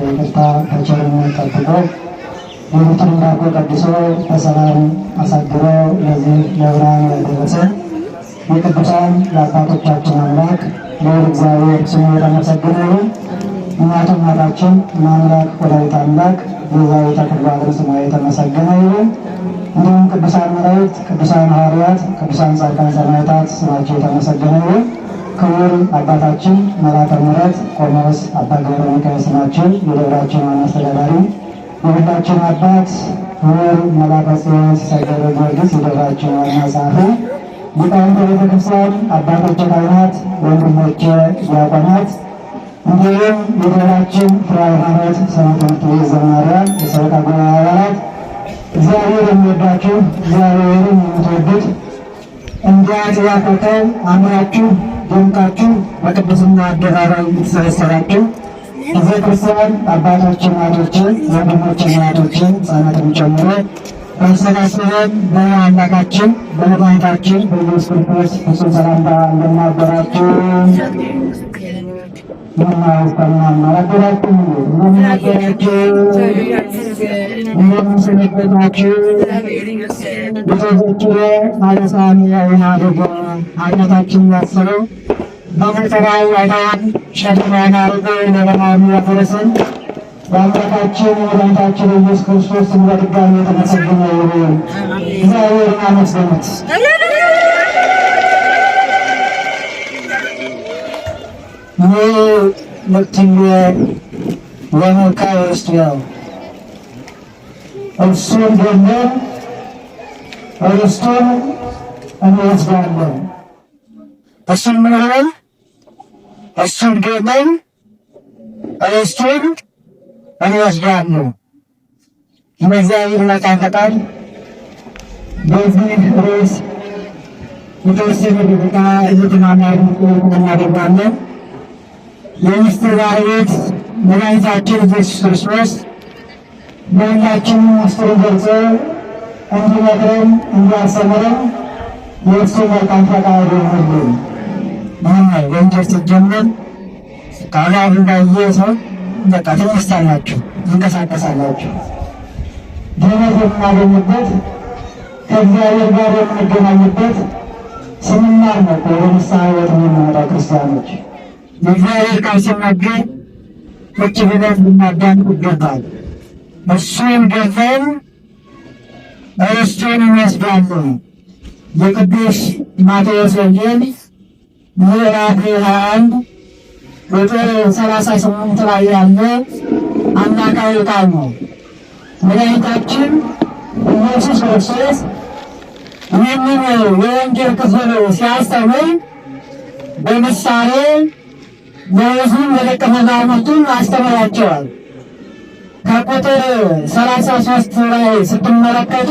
በይቅርታ በቸርነት ጠብቆ ሌሊቱን ባርኮ ቀድሶ በሰላም አሳድሮ ለዚህ ለብርሃን ያደረሰ የቅዱሳን የአባቶቻችን አምላክ ለወድ እግዚአብሔር ስሙ የተመሰገነ ይሁን። እናቱ እናታችን ማምላክ ወላዲተ አምላክ ቤዛዊተ ኩርባትን ስሟ የተመሰገነ ይሁን። እንዲሁም ቅዱሳን መላእክት፣ ቅዱሳን ሐዋርያት፣ ቅዱሳን ጻድቃን ሰማዕታት ስማቸው የተመሰገነ ይሁን። ክቡር አባታችን መላከ ምሕረት ቆሞስ አባ ገብረ ሚካኤል ናቸው። የደብራችን ዋና አስተዳዳሪ፣ የሁላችን አባት ክቡር መላከ ጽዮን ሲሳይ ገብረ ጊዮርጊስ የደብራችን ዋና ጸሐፊ፣ ሊቃውንተ ቤተ ክርስቲያን አባቶች፣ ካህናት፣ ወንድሞች ዲያቆናት፣ እንዲሁም የደብራችን ፍራ ሃይማኖት ሰንበት ትምህርት ቤት ዘማሪያን፣ የሰበካ ጉባኤ አባላት እግዚአብሔር የሚወዳችሁ እግዚአብሔርን የምትወዱት እንዲያ ጽያፈተው አምራችሁ ደምቃችሁ በቅድስና አደባባይ የምትሰበሰባችሁ ጊዜ ክርስቲያን አባቶች፣ እናቶች፣ ወንድሞች፣ እናቶች ህጻናትን ጨምሮ በተሰባስበን በአምላካችን በመድኃኒታችን በኢየሱስ ክርስቶስ ፍጹም ሰላምታ እንደምናገራችሁ bunlar tamamlara bırakılıyor. Bunlara gerekir. Bunların sebebi bakı. Mütezekkire aynı saniye inadıdır. Aynı takimlatları. Bana sarayı yalan şartmanalarda öyle yaparsın. Ben de takçıyım, ben takçıyım. Biz kursu sınırladıklarını da nasıl bunları yoruyorum. Bize ayırmamak demek. ይህ መክትሜ ውስጥ ነው። ደግሞ እንወስዳለን። ምን ሆነ? ደግሞ እንወስዳለን። የእግዚአብሔር በዚህ ርዕስ የተወሰነ ደቂቃ እናደርጋለን። የሚስት ባለቤት መድኃኒታችን ኢየሱስ ክርስቶስ ለሁላችን ምስጢሩን ገልጾ እንዲመክረን እንዲያሰምረን የእሱ መልካም ፈቃድ ይሆንልን። ማናል ወንጀል ሲጀመር ከአላፍ እንዳየ ሰው በቃ ትነሳላችሁ፣ እንቀሳቀሳላችሁ። ድህነት የምናገኝበት ከእግዚአብሔር ጋር የምንገናኝበት ስንማር ነው። ወደ ንስሐ ሕይወት የምንመጣ ክርስቲያኖች እግዚአብሔር ቃል ሲናገር ቁጭ ብለን ልናዳምጥ ይገባል። እሱን ገዘን እርስቱን የሚያስባሉ የቅዱስ ማቴዎስ ወንጌል ምዕራፍ ሃያ አንድ ቁጥር ሰላሳ ስምንት ላይ ያለ አናቃዊ ቃል ነው። መድኃኒታችን ኢየሱስ ክርስቶስ ይህንን የወንጌል ክፍል ሲያስተምር በምሳሌ ለሕዝቡም ለደቀ መዛሙርቱም አስተምሯቸዋል። ከቁጥር ሰላሳ ሦስት ላይ ስትመለከቱ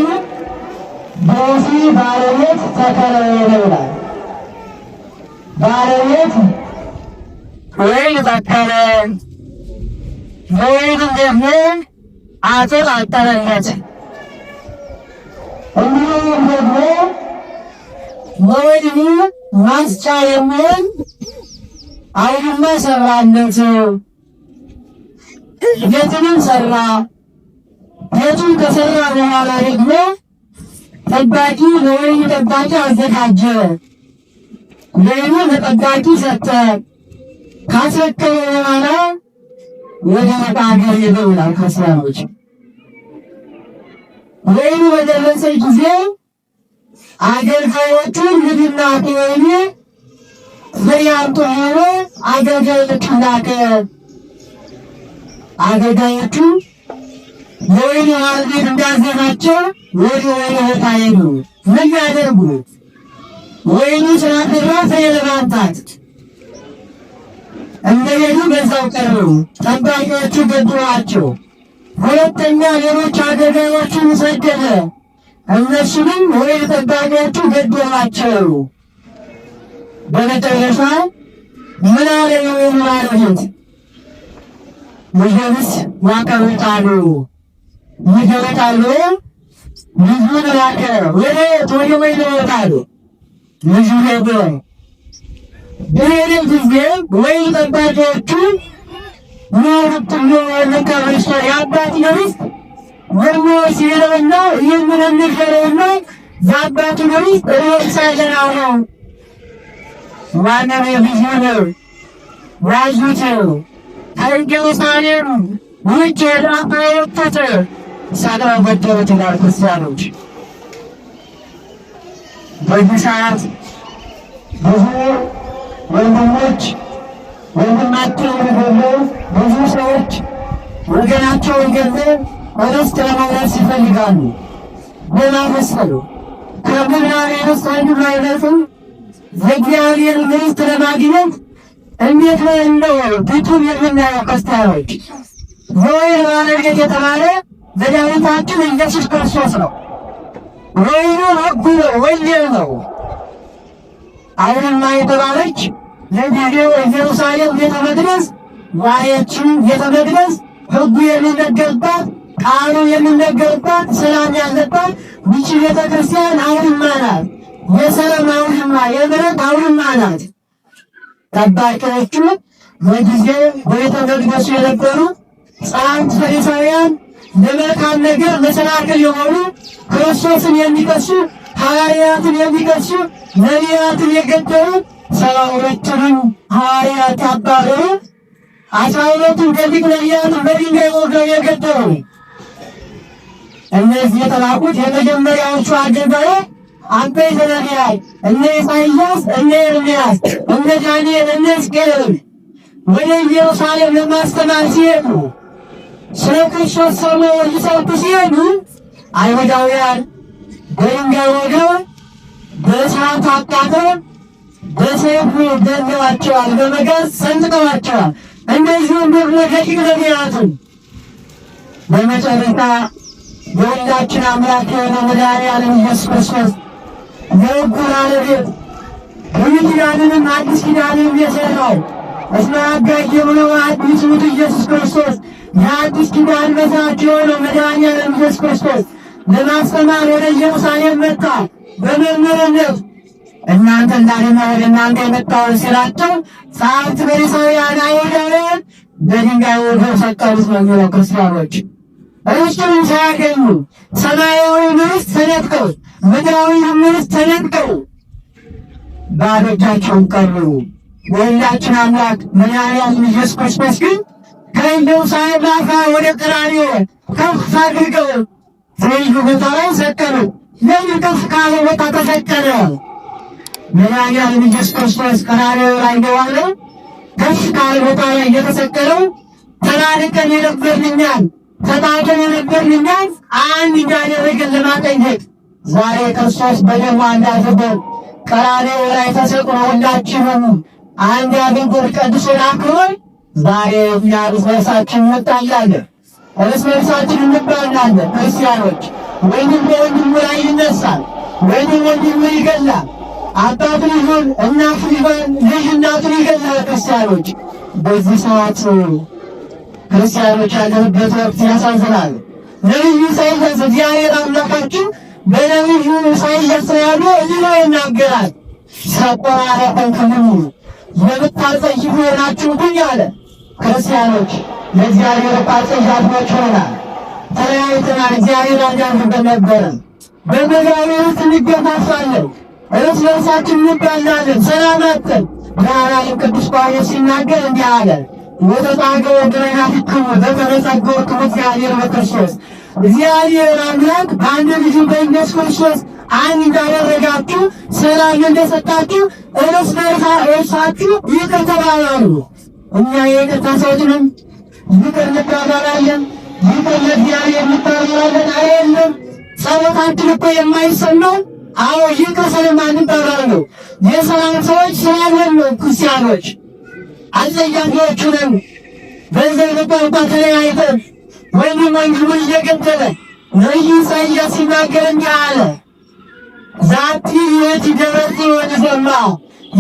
በወፊ ባለቤት ተከለለ ይላል። ባለቤት ወይን ተከለ፣ ወይንም ደግሞ አጥር አጠረለት። እንዲሁም ደግሞ ለወይኑ ማስጫ የሚሆን አይንማ ሰራነት ቤትንም ሰራ። ቤቱን ከሰራ በኋላ ደግሞ ጠባቂ ለወይኑ ጠባቂ አዘጋጀ። ወይኑ ለጠባቂ ሰጠ። ካስረከበ በኋላ ወደ መቃብር ሄደ ይላል ከስራዎች ወይኑ በደረሰ ጊዜ አገልጋዮቹን ልድና ወይኑ ምርያንጦሆኖ አገልጋዮቹ ላከ። አገልጋዮቹ የወይን ውሃን ቤት ወደ ወይን ቦታ ሄዱ። ምን ያደርጉ? ወይኑ ስላፈራ ፍሬ ለማምጣት እንደሄዱ በዛው ቀሩ። ጠባቂዎቹ ገድሏቸው፣ ሁለተኛ ሌሎች አገልጋዮቹን ሰደደ። እነሱንም ወይን ጠባቂዎቹ ገድሏቸው በመጨረሻ ምን አለ የእንባለፊት ወገብስ ያከብጣሉ ይገበጣሉ ልጁን ያከረ ወደ ወይ ይለወጣሉ ልጁ ሄደ። በሄደም ጊዜ ወይ ጠባቂዎቹ ይሩትሎ ያለቀበሽ የአባት ነቢስት ወድሞ ሲሄደውና ይህምን የሚገረውና የአባቱ ነቢስት ሬሳ ነው ዋነመፊዘለው ዋዙተው ከኢየሩሳሌም ውጭ ላማየተተ ሰላም ወደበት ይላል ክርስቲያኖች። በዚህ ሰዓት ብዙ ወንድሞች ወንድማቸው ገለው ብዙ ሰዎች ወገናቸውን ገለው እርስት ለመውረስ ይፈልጋሉ። ጎላ መሰሉ ከምናሌ ውስጥ አንዱ ማይነጽም የእግዚአብሔር ምስት ለማግኘት እንዴት ነው እንደው ፍቱም የምናየው ክርስቲያኖች ወይን ባለቤት የተባለ መድኃኒታችን ኢየሱስ ክርስቶስ ነው። ወይኑ ሕጉ ነው፣ ወንጌል ነው። አይንማ የተባለች ለጊዜው ኢየሩሳሌም ቤተ መቅደስ ዋየቹ ቤተ መቅደስ ህጉ የሚነገርባት ቃሉ የሚነገርባት ሰላም ያለባት ይቺ ቤተ ክርስቲያን አይንማ ናት። የሰላም አውድማ የምሕረት አውድማ ናት። ጠባቂዎቹ በጊዜ ቤተ መቅደሱ የነበሩ ጸሐፍት ፈሪሳውያን ለመልካም ነገር መሰናክል የሆኑ ክርስቶስን የሚከሱ ሐዋርያትን የሚከሱ ነቢያትን የገደሉ ሰባ ሁለቱንም ሐዋርያት አባረሩ። አስራ ሁለቱን ገሊግ ነቢያትን በድንጋይ ወግረው የገደሉ እነዚህ የተላኩት የመጀመሪያዎቹ አገልጋዮች አንተ ዘነቢያይ እነ ኢሳይያስ እነ ኤርምያስ እነ ዳንኤል እነ ወደ ኢየሩሳሌም ለማስተማር ሲሄዱ ስለ ክርስቶስ ሰሞ ሊሰብኩ ሲሄዱ አይሁዳውያን በድንጋይ በእሳት በመጋዝ ሰንጥቀዋቸዋል። እንደዚሁም ደግሞ በመጨረሻ የሁላችን አምላክ የሆነ መድኃኔዓለም ኢየሱስ ክርስቶስ የሕጉ ባለቤት ብሉይ ኪዳንንም አዲስ ኪዳንም የሰራው እስመ ሐጋየ ብሎ አዲስ ውእቱ ኢየሱስ ክርስቶስ የአዲስ ኪዳን መሥራች የሆነው መድኃኒዓለም ኢየሱስ ክርስቶስ ለማስተማር ወደ ኢየሩሳሌም መጣ። በመምህርነት እናንተ እንዳደማር እናንተ የመጣውን ስላቸው ጸሐፍት፣ ፈሪሳውያን፣ አይሁዳውያን በድንጋይ ወግረው ሰቀሉት ነው የሚለው ክርስቲያኖች ርስቱን ሳያገኙ ሰማያዊ ርስት ተነጥቀው ምድራዊ ርስት ተነጥቀው ባዶ እጃቸውን ቀሩ። የሁላችን አምላክ መድኃኒያችን ኢየሱስ ክርስቶስ ግን ከእንደው ሳይባፋ ወደ ቀራንዮ ከፍ አድርገው ትይዩ ቦታ ላይ ሰቀሉ። ለምን ከፍ ካለ ቦታ ተሰቀለ? መድኃኒያችን ኢየሱስ ክርስቶስ ቀራንዮ ላይ እንደዋለው ከፍ ካለ ቦታ ላይ እንደተሰቀለው ተራርቀን የነበርን ተጣልተን የነበር ልናት አንድ እያደረገን ለማቀኘት ዛሬ ክርስቶስ በደሙ አንድ አድርጎን ቀራንዮ ላይ ተሰቅሎ ሁላችንም አንድ አድርጎን ቀድሶ ላክሮን ዛሬ እኛ እርስ በርሳችን እንጣላለን፣ እርስ በርሳችን እንባላለን። ክርስቲያኖች ወንድም በወንድሙ ላይ ይነሳል፣ ወንድም ወንድሙ ይገላል። አባት ልጁን፣ እናት ልጅ እናቱን ይገላል። ክርስቲያኖች በዚህ ሰዓት ክርስቲያኖች ያለንበት ወቅት ያሳዝናል። ነቢዩ ኢሳይያስ እግዚአብሔር አምላካችሁ በነቢዩ ኢሳይያስ ያሉ እዚህ ይናገራል። ሰቆራረጠን ክልሙ የምታጸይፉ ናችሁ ሁኝ አለ። ክርስቲያኖች ለእግዚአብሔር ጸያፊዎች ሆናል። ተለያይተናል። እግዚአብሔር አዳንበት ነበረን። በመጋቢት ውስጥ እንገፋፋለን፣ እርስ በርሳችን እንባላለን፣ ሰላም አጥተን። ቅዱስ ጳውሎስ ሲናገር እንዲህ አለ ወተጣገ ድረናትክሙ ዘተመጸገ ክሙ እግዚአብሔር በክርስቶስ እግዚአብሔር አምላክ በአንድ ልጁ በኢየሱስ ክርስቶስ አንድ እንዳደረጋችሁ ሰላም እንደሰጣችሁ እርስ በርሳችሁ ይቅር ተባባሉ። እኛ የይቅርታ ሰዎችንም ይቅር እንባባላለን። ይቅር ለእግዚአብሔር እንባባላለን። አይደለም ጸሎታችን እኮ የማይሰማው አዎ ይቅር ስለማንባባል ነው። የሰላም ሰዎች ስላለን ነው ክርስቲያኖች አጸያፊዎቹንም በዘር ልባባ ተለያይተን ወይም መንግሉን እየገደለ ነቢዩ ኢሳይያስ ሲናገር እንዲህ አለ። ዛቲ ይእቲ ደብረ ጽዮን ዘማ፣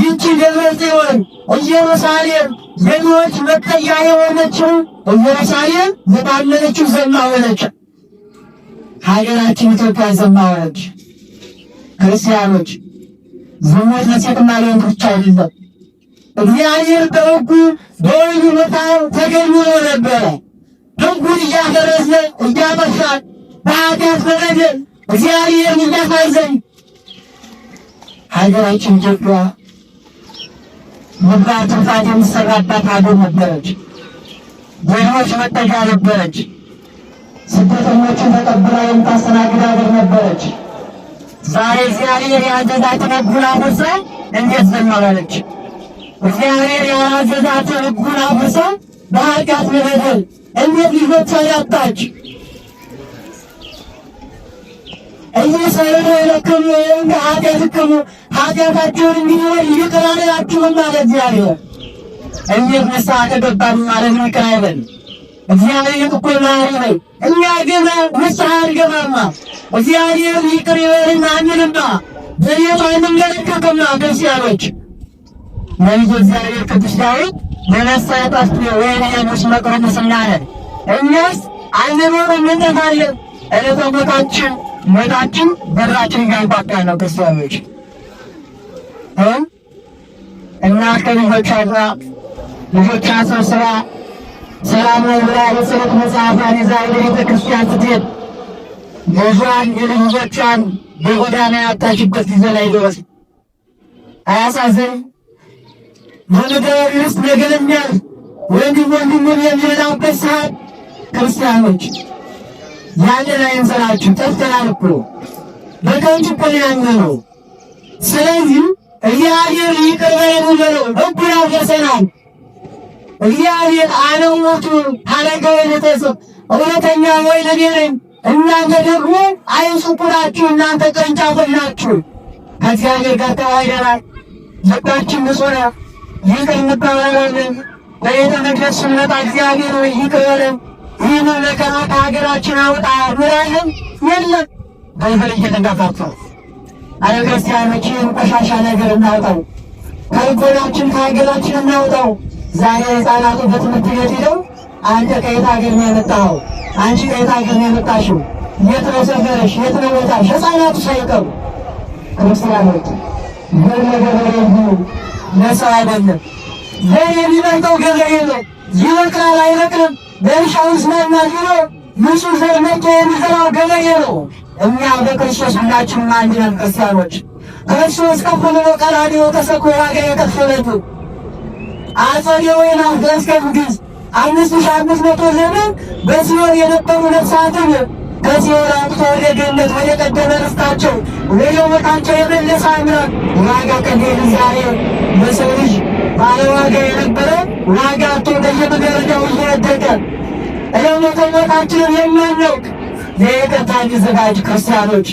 ይቺ ደብረ ጽዮን ኢየሩሳሌም የድሆች መጠጊያ የሆነችው ኢየሩሳሌም የታመነችው ዘማ ሆነች። ሀገራችን ኢትዮጵያ ዘማ ሆነች። ክርስቲያኖች ዝሙት ለሴትና ለወንድ ብቻ አይደለም። እግዚአብሔር በሕጉ በወይኑ መቃብር ተገልሞ ነበረ። ሕጉን እያፈረስነ እያጠፋን በኃጢአት በበደል እግዚአብሔርን እያሳዘን ሀገራችን ኢትዮጵያ ምግባር ትሩፋት የምትሰራባት ሀገር ነበረች። ዜጎች መጠጋ ነበረች። ስደተኞችን ተቀብላ የምታስተናግድ ሀገር ነበረች። ዛሬ እግዚአብሔር ያዘዛትን ሕጉን አፈርሳ እንዴት ዘመረለች? እግዚአብሔር የዋዘዛትን ልቡን አፍርሳ በኃጢአት መበደል እንዴት ልጆቿ ያጣች የለከሙ ወይም ከኃጢአት ኃጢአታቸውን ይቅር አላችሁም እግዚአብሔር። እንዴት ንስሐ ማለት ይቅር አይበል እግዚአብሔር እኮ ነው። እኛ ንስሐ እግዚአብሔር ይቅር ይበልና አንልማ። ክርስቲያኖች ነቢዩ እግዚአብሔር ቅዱስ ዳዊት በመሰጠቱ ወይናያኖች መቅረሙስና ነን እኛስ አይዘኖረ ምንጠፋለን እለተ ሞታችን ሞታችን በራችን ጋንቋቃ ነው ክርስቲያኖች እና ከልጆች አጥራ ልጆች አሰብስባ ሰላማዊ ብላ በጸሎት መጽሐፏን ይዛ ቤተ ክርስቲያን ስትሄድ ልጇን የልጆቿን በጎዳና ያጣችበት ጊዜ ላይ ደረስ አያሳዝን ማለዳዊ ርስት የግንነት ወንድም ወንድሙን የሚበላበት ሰዓት ክርስቲያኖች ያንን አይንሰራችሁ። ጠፍተናል እኮ በከንቱ እኮ ነው ስለዚህ እግዚአብሔር ይቅር በለን ብሎ በኩል አፍርሰናል። እግዚአብሔር አለሞቱ ታረጋዊ ለተሰብ እውነተኛ ወይ ለቤረኝ እናንተ ደግሞ አይንሱኩራችሁ እናንተ ቅርንጫፎች ናችሁ። ከእግዚአብሔር ጋር ተዋህደናል። ልባችን ንጹህ ነው። ይቅር እንባባላለን። በቤተ መቅደስ ስንመጣ እግዚአብሔር ሆይ ይቅር ይህን መከራ ከሀገራችን አውጣ ብለን የለም በይፈል እየተንጋፋቸው አለ ክርስቲያኖችን ቆሻሻ ነገር እናውጣው፣ ከልቦናችን ከሀገራችን እናውጣው። ዛሬ ህፃናቱ በትምህርት ቤት ሄደው አንተ ከየት ሀገር ነው የመጣኸው? አንቺ ከየት ሀገር ነው የመጣሽው? የት ነው ሰፈርሽ? የት ነው ቦታሽ? ህፃናቱ ሳይቀሩ ክርስቲያኖች በነገበሬ ለሰው አይደለም። ዘር የሚመርጠው ገበሬ ነው። ይበቅላል አይበቅልም፣ በእርሻው ይስማማል ብሎ ንጹሕ ዘር መጥቶ የሚዘራው ገበሬ ነው። እኛ በክርስቶስ ሁላችንም አንድ ነን ክርስቲያኖች። ክርስቶስ ከፍ ብሎ ቀራንዮ ተሰቅሎ ዋጋ የከፈለብን አጸደ ወይን እስከ አምስት ሺህ አምስት መቶ ዘመን በሲኦል የነበሩ ነፍሳትን ከጽዮን አምጥቶ ወደ ገነት ወደ ቀደመ ርስታቸው ወደ ቦታቸው የመለሰ አምላክ ዋጋ ከሌለ ዛሬ በሰው ልጅ ባለ የነበረ ዋጋ አቶ በየመገረጃው እየወደቀ እለሞተ ሞታችንን የማናውቅ ለይቅርታ እንዘጋጅ ክርስቲያኖች።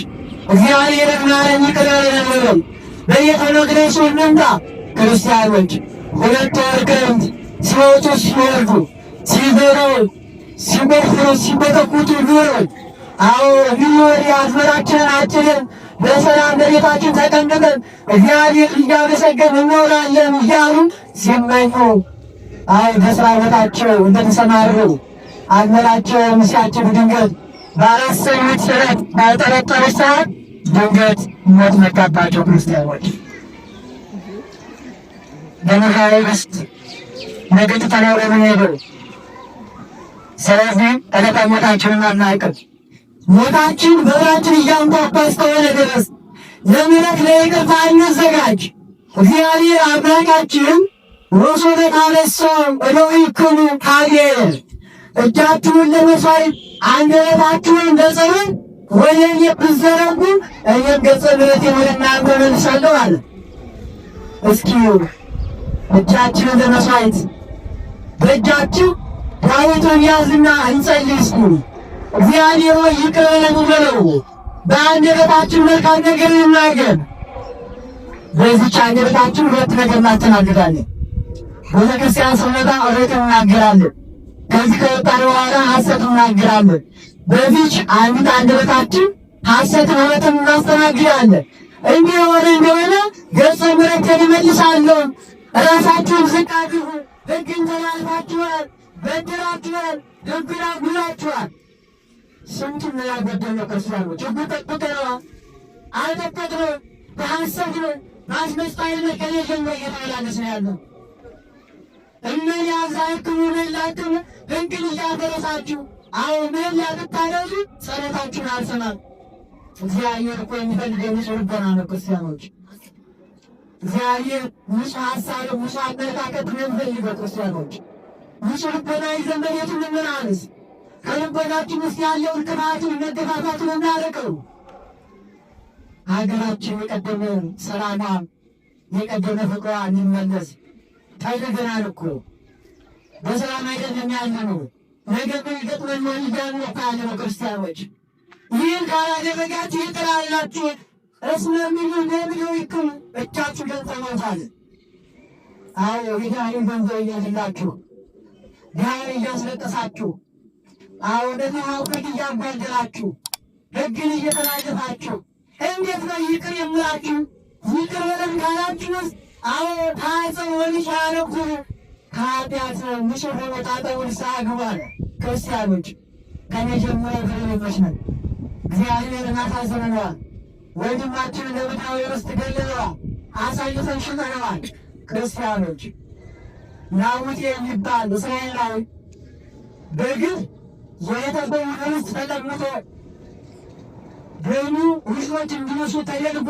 እግዚአብሔርን ማረን ይቅር በለን። በቤተ እንምጣ ክርስቲያኖች። ሁለት ወር ክረምት ሲወጡ ሲወርዱ ሲዘሩ ሲቆፍሩ ሲኮተኩቱ ኑረን አዎ ቢኖር የአዝመራችንን አጭደን በሰላም በቤታችን ተቀምጠን እግዚአብሔር እያመሰገን እንኖራለን እያሉ ሲመኙ፣ አይ በስራ ቦታቸው እንደተሰማሩ አዝመራቸውን ሲያጭዱ ድንገት ባላሰቡት ስረት ባልጠረጠሩት ሰዓት ድንገት ሞት መጣባቸው ክርስቲያኖች በመራዊ ውስጥ ነገ ትተነው ለምን ሄዱ? ስለዚህ ዕለተ ሞታችንን አናውቅም። ሞታችን በራችን እያንኳኳ እስከሆነ ድረስ ለምሕረት ለይቅርታ እንዘጋጅ። እግዚአብሔር አምላካችን ሮሶ ወሶተ ታበሳው እደዊክሙ ኀቤየ እጃችሁን ለመሥዋዕት አንገበታችሁን ለጸሎት ወደ እኔ ብትዘረጉ እኔም ገጸ ምሕረቴን ወደ እናንተ እመልሳለሁ አለ። እስኪ እጃችንን ለመሥዋዕት በእጃችሁ ዳዊቱን ያዝና እንጸልይ እስኪ እግዚአብሔር ሆይ ይቅር በለን በለው። በአንደበታችን መልካም ነገር ይናገር። በዚች አንደበታችን ሁለት ነገር እናስተናግዳለን። ቤተ ስንመጣ እውነት እናገራለን። ከዚህ ከወጣን በኋላ ሐሰት እናገራለን። በዚች አንዲት አንደበታችን ሐሰትን እውነትን እናስተናግዳለን። እንዲህ የሆነ እንደሆነ ገጸ ምሕረትን እመልሳለሁ። ራሳችሁን ዝቅ አድርጉ። ሕግን ተላልፋችኋል፣ በድራችኋል፣ ድንግል አጉላችኋል። ስንት ያጎደሉ ክርስቲያኖች ህጉ ጠብቀው አልጠጠቅሎ በሐሰት ነው በአስመሳይ መቀሌ ጀምሮ እየተመላለስ ነው ያለው። እነዚያ እዛ ህክሙ መላክም እንግል እያፈረሳችሁ አዎ ምህላ ብታደርጉ ጸሎታችሁን አልሰማም። እግዚአብሔር እኮ የሚፈልገው ንጹህ ልቦና ነው ክርስቲያኖች። እግዚአብሔር ንጹህ ሀሳብ፣ ንጹህ አመለካከት ነው የሚፈልገው ክርስቲያኖች። ንጹህ ልቦና ይዘን በቤቱ አንስ ከልቦናችን ውስጥ ያለውን ቅናትን መገፋፋትን እናርቀው። ሀገራችን የቀደመ ሰላሟ የቀደመ ፍቅሯ እንመለስ። ታይተናል እኮ በሰላም አይደለም ያለ ነው። ነገ ምን ገጥመን ነው እያሉ ያለ ነው። ክርስቲያኖች ይህን ካላደረጋችሁ ይጥላላችሁ። እስመ ምሉ ለምሉ ይክም እቻችሁ ገንጠሞታል። አዎ ሂዳይን ገንዘብ እያልላችሁ ዳይን እያስለቀሳችሁ እንደዚህ እውቀት እያጓደላችሁ ህግን እየተላለፋችሁ እንዴት ነው ይቅር የምላችሁ? ይቅር በለን ካላችሁስ፣ አዎ ታጽም ወልሽ አረኩር ከኃጢአት ምሽር በመጣጠው ንስሐ ግቡ አለ። ክርስቲያኖች ከመጀመሪያ ፍሬዎች ነን። እግዚአብሔርን አሳዝነነዋል። ወንድማችን ለምድራዊ ርስት ገለለዋል፣ አሳይተን ሽጠነዋል። ክርስቲያኖች ናቡቴ የሚባል እስራኤላዊ በግብ የተበው ርስ ተለውጦ ደሙ ውሾች እንዲነሱ ተደርጎ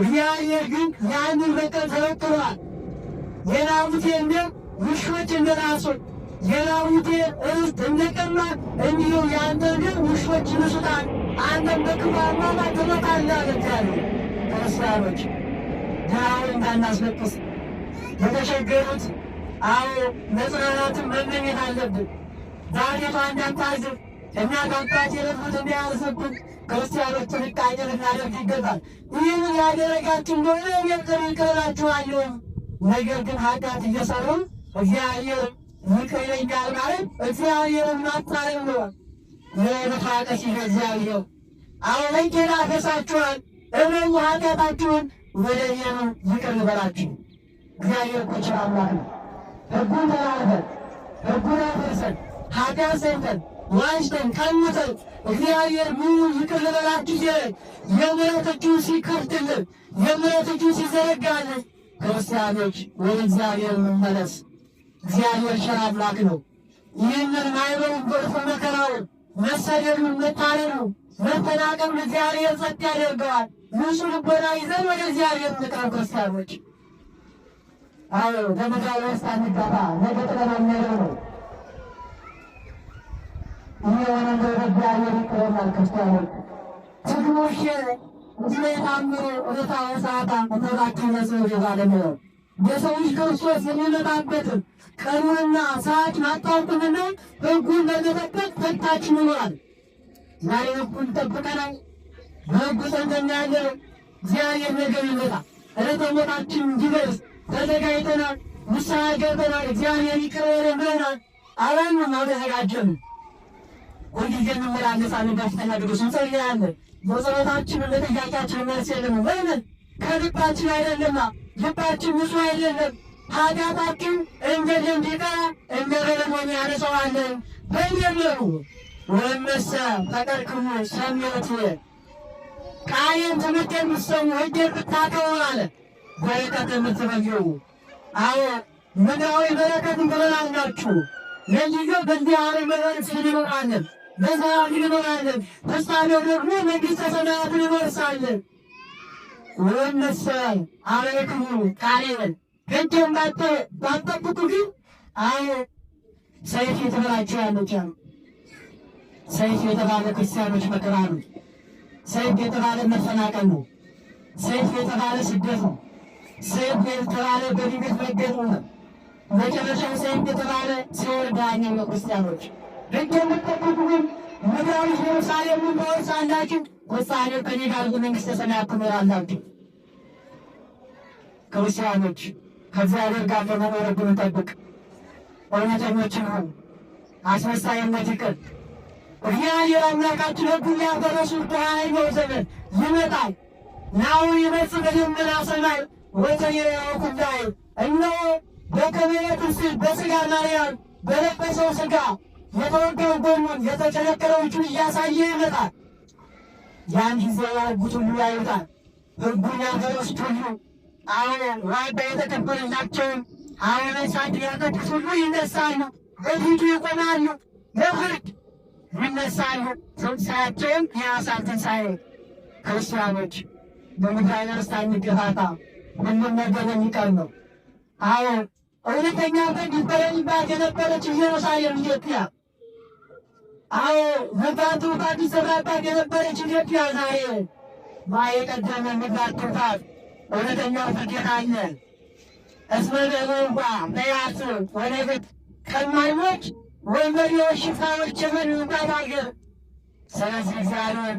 እግዚአብሔር ግን ያንን በቀል ተበቅሏል። የናቡቴን ደም ውሾች እንደራሱን የናቡቴን ርስት እንደቀማን እንዲሁ የአንተ ደም ውሾች ይንሱታል፣ አንተም በክፉ አሟሟት ትሞታለህ አለ ክርስቲያኖች ድሃውን እንዳናስለቅስ የተቸገሩት አዎ መጽናናትን መመኘት አለብን። ዛሬቷ እንዳታዝብ እና ከአባት የረፉት እንዳያርሰብን ክርስቲያኖቹ ንቃቄ ልናደርግ ይገባል። ይህን ያደረጋችሁ እንደሆነ የሚቅር ይቅርላችኋለሁ። ነገር ግን ኃጢአት እየሰሩ እግዚአብሔር ይቅር ይለኛል ማለት እግዚአብሔርን ማጣረም ነው። ለመታቀስ ይገዛልየው አሁን ተናፈሳችኋል። እመኑ ኃጢአታችሁን ወደ እኔ ይቅር ልበላችሁ። እግዚአብሔር እኮ አምላክ ነው። ሕጉን ተላልፈን ሕጉን አፍርሰን ኃጢአት ሰርተን ዋሽተን ቀምተን እግዚአብሔር ምኑ ይቅር ልበላችሁ ሲለን የምሕረት እጁን ሲከፍትልን የምሕረት እጁን ሲዘረጋልን ክርስቲያኖች ወደ እግዚአብሔር መመለስ እግዚአብሔር ቸር አምላክ ነው። ይህንን ማይበሩን ጎርፍ መከራውን፣ መሰደዱን፣ መታረኑ፣ መፈናቀሉን እግዚአብሔር ጸጥ ያደርገዋል። ንጹሕ ልቦና ይዘን ወደ እግዚአብሔር እንቅረብ ክርስቲያኖች። አዎ በመጋቢያ ውስጥ አንጋታ ነገ ጥለና ነው እየሆነ በእግዚአብሔር ይቀበላል። ክርስቲያኖች ትግሎሽ ምስለ የታምሩ እታ ሰዓታ እተባቸው መጽሑፍ የሰው ልጅ ክርስቶስ የሚመጣበትን ቀኑንና ሰዓቱን አታውቁምና ሕጉን በመጠበቅ ፈታች ይኖራል። ዛሬ ሕጉን ጠብቀናል። በሕጉ ጸንተን እግዚአብሔር ነገር ይመጣል። ዕለተ እንዲደርስ ተዘጋጅተናል። ንስሐ ገብተናል። እግዚአብሔር ይቅር ብለናል። አላንም አልተዘጋጀንም። ወንጌልን መመላለስ አድርጋችሁ ተናገሩ ጸልያለ በጸሎታችን በጥያቄያችን መልስልን ወይም ከልባችን አይደለማ ልባችን ንጹህ አይደለም ኃጢአታችን እንደ ደንዲቃ እንደ ገለሞን ያነሰዋለን በየለሩ ወመሰ ተቀርክሙ ሰሚት ቃሌን ትምህርት የምትሰሙ ሕጌን ብታከብሩ አለ በረከት የምትበየው አዎ ምድራዊ በረከትን ብለናላችሁ ለጊዜው በዚህ ዓለም መበረት ስንኖራለን በሰማያት እንኖራለን። ተስፋ ደግሞ መንግሥተ ሰማያትን እንወርሳለን። ወነሰ አበክሙ ቃሌን ሕጌን ባትጠብቁ ግን አይ ሰይፍ የተበላችኋለች አሉ። ሰይፍ የተባለ ክርስቲያኖች መከራ ነው። ሰይፍ የተባለ መፈናቀል ነው። ሰይፍ የተባለ ስደት ነው። ሰይፍ የተባለ በድንገት መገጥ ነው። መጨረሻው ሰይፍ የተባለ ሲወርዳኛ ነው ክርስቲያኖች ሕግ የምትጠብቁ ግን ምድራዊት ኢየሩሳሌምን መወርሳላችሁ ወሳኔ በኔዳልጉ መንግሥተ ሰማያት ትኖራላችሁ። ክርስቲያኖች ከእግዚአብሔር ጋር ለመኖር ሕግ እንጠብቅ። እውነተኞችን ሁኑ፣ አስመሳይነት ይቅር። እግዚአብሔር አምላካችን ሕጉን ያበረሱት በሃያኛው ዘመን ይመጣል። ናሁ ይመጽእ በደመና ሰማይ ወፀየር ያወኩላይ እነሆ በከመ ኅጥብ ስል ማርያም በለበሰው ስጋ። የተወጋው ጎኑን የተቸነከረው እጁን እያሳየ ይመጣል። ያን ጊዜ ያውጉት ሁሉ ያዩታል። ሕጉን ያልተረሱት ሁሉ አሁን ዋጋ የተከፈለላቸውም አሁን ሳድ ያጠቁት ሁሉ ይነሳሉ፣ በፊቱ ይቆማሉ፣ ለፍርድ ይነሳሉ። ትንሣኤያቸውም የራሳል ትንሣኤ ክርስቲያኖች በምድራዊ ርስታ የሚገፋታ ሁሉም ነገር የሚቀር ነው። አሁን እውነተኛ ፍርድ ይፈረድባት የነበረች ኢየሩሳሌም ኢትዮጵያ አዎ ህፋቱ ባት ይሰራባት የነበረች ኢትዮጵያ ዛሬ ማየ ቀደመ የሚባል ትሩፋት እውነተኛው ፍጌታ አለ። እስመ እንኳ በያስብ ወለግት ከማኞች ወንበዴዎች፣ ሽፍታዎች ጭምር ይውጣት አገር። ስለዚህ እግዚአብሔር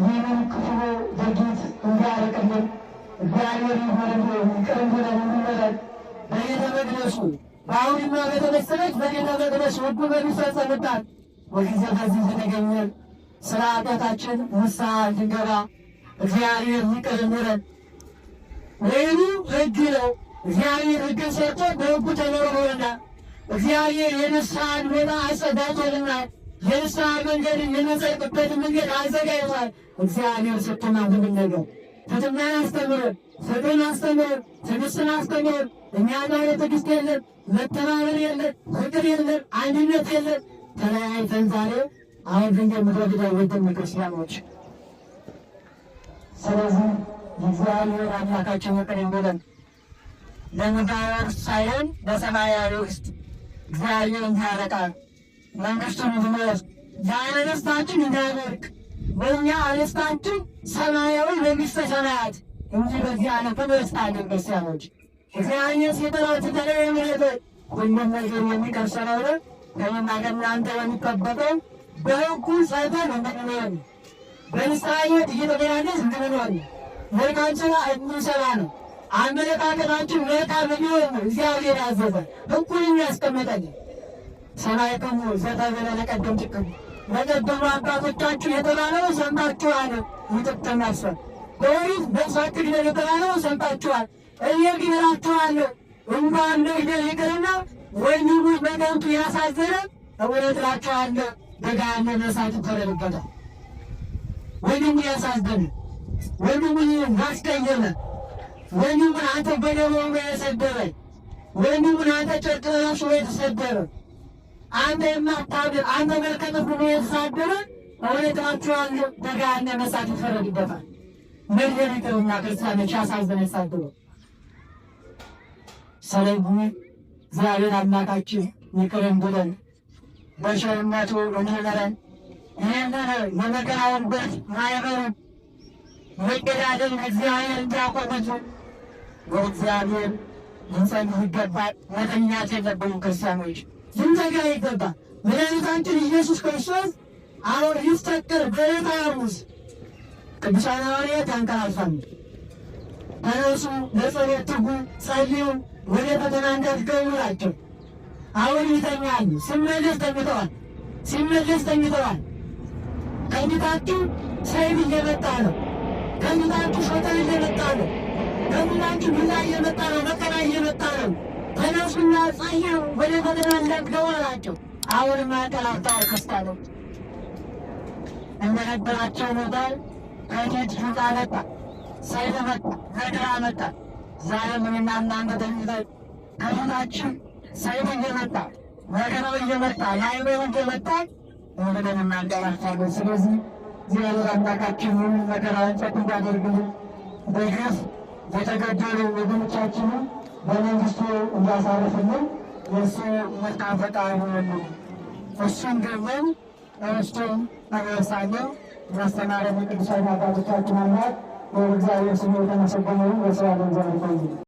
ይህንን ክፉ ድርጊት እንዲያርቅልን እግዚአብሔር ይሆን ይቅር እንዲለን እንዲመረን በቤተ መቅደሱ በአሁንማ በተመሰለች በቤተ መቅደስ ህጉ በሚፈጸምባት ወጊዜ በዚህ የተገኘን ስለ ኃጢአታችን ንስሐ እንድንገባ እግዚአብሔር ይቅር ይበለን። ወይኑ ሕግ ነው። እግዚአብሔር ሕግን ሰርቶ በሕጉ ተምሮናል። እግዚአብሔር የንስሐን ቦታ አጸዳቶልና የንስሐ መንገድ የምንጸድቅበት መንገድ አዘጋጅቷል። እግዚአብሔር ሰጥቶና ሁሉም ነገር ትሕትናን አስተምረን፣ ፍቅርን አስተምረን፣ ትዕግስትን አስተምረን። እኛ ጋር ትዕግስት የለን፣ መተማመን የለን፣ ፍቅር የለን፣ አንድነት የለን። ተለያይተን ዛሬ አሁን ድንጋይ ምድረ ወንድም ክርስቲያኖች። ስለዚህ የእግዚአብሔር አምላካችን ይቅር ይበለን። ለምድራዊ ርስት ሳይሆን በሰማያዊ ርስት እግዚአብሔር እንዲያረቃል መንግስቱን እንዲመርጥ ለአነስታችን እንዳያደርግ በእኛ አነስታችን ሰማያዊ መንግሥተ ሰማያት እንጂ በዚህ ዓለም ትምህርት አለን ክርስቲያኖች እግዚአብሔር ሲጠራችን ተለየ ምለበት ሁሉም ነገር የሚቀር ስለሆነ ከእኔና ከእናንተ የሚጠበቀው በሕጉ ጸንተን እንድንኖር በንስሐ እየተገናኘን እንድንኖር መልካችን እንድንሰራ ነው። አመለካከታችን መልካም እንዲሆን ነው እግዚአብሔር ያዘዘ ሕጉን ያስቀመጠን። ሰማዕክሙ ዘተበለ ለቀደምቲክሙ ለቀደሙ አባቶቻችሁ የተባለው ሰምታችኋል። ይጥብተን አስፈል በኦሪት በእሳት የተባለው ሰምታችኋል። እየግደላችኋል እንኳን ለግደል ይቅርና ወይም ሙት በገብቱ ያሳዘነ እውነት እላችኋለሁ በገሃነመ እሳት ይኮረድበታል። ወይኒ ያሳዘነ፣ ወንድሙን ያስቀየመ፣ ወንድሙን አንተ በደቦ የሰደበ፣ ወንድሙን አንተ ጨርቅ የተሰደበ፣ አንተ የማታድር፣ አንተ መልከ ጥፉ የተሳደበ እውነት በገሃነመ እሳት ይኮረድበታል። መድረሪተውና ክርስቲያኖች ያሳዘነ ያሳደበ ሰለሞን እግዚአብሔር አምላካችን ይቅርን ብለን በሸርነቱ እንለን። ይህንን የመገናወንበት ማህበር ምቅዳድን እግዚአብሔር እንዲያቆመቱ በእግዚአብሔር ልንጸልይ ይገባል። መተኛት የለብንም። ክርስቲያኖች ልንተጋ ይገባል። መድኃኒታችን ኢየሱስ ክርስቶስ አሁን ይፍጠቅር በዕለተ ሐሙስ ቅዱሳን ሐዋርያት ያንቀላፋሉ። ተነሱ፣ ለጸሎት ትጉ፣ ጸልዩ ወደ ፈተና እንዳትገቡ ናቸው። አሁን ይተኛሉ፣ ሲመለስ ተኝተዋል፣ ሲመለስ ተኝተዋል። ከኝታችሁ ሰይፍ እየመጣ ነው። ከኝታችሁ ሸጠር እየመጣ ነው። ከኝታችሁ ብላ እየመጣ ነው። መከራ እየመጣ ነው። ተነሱና ጸዩ፣ ወደ ፈተና እንዳትገቡ ናቸው። አሁን ማጠላፍታ ከስታ ነው እንደነበራቸው ሞታል። ከኔድ ህንፃ መጣ፣ ሰይፍ መጣ፣ መድራ መጣ ዛሬም እኔና እናንተ ተኝተን ከሆናችን ሰይፍ እየመጣ መከራው እየመጣ የአይሎ እየመጣ ወደደን እናንቀላፋለን። ስለዚህ እግዚአብሔር አምላካችንን መከራውን ጸጥ እንዲያደርግልን በግፍ የተገደሉ ወገኖቻችንን በመንግስቱ እንዲያሳርፍልን የእሱ መልካም ፈቃድ ይሆንሉ። እሱን ደግመን እሱም ነገርሳለ ማስተማረ ቅዱሳን አባቶቻችን አምላክ त्यांना सगळं मिळून याचं पाहिजे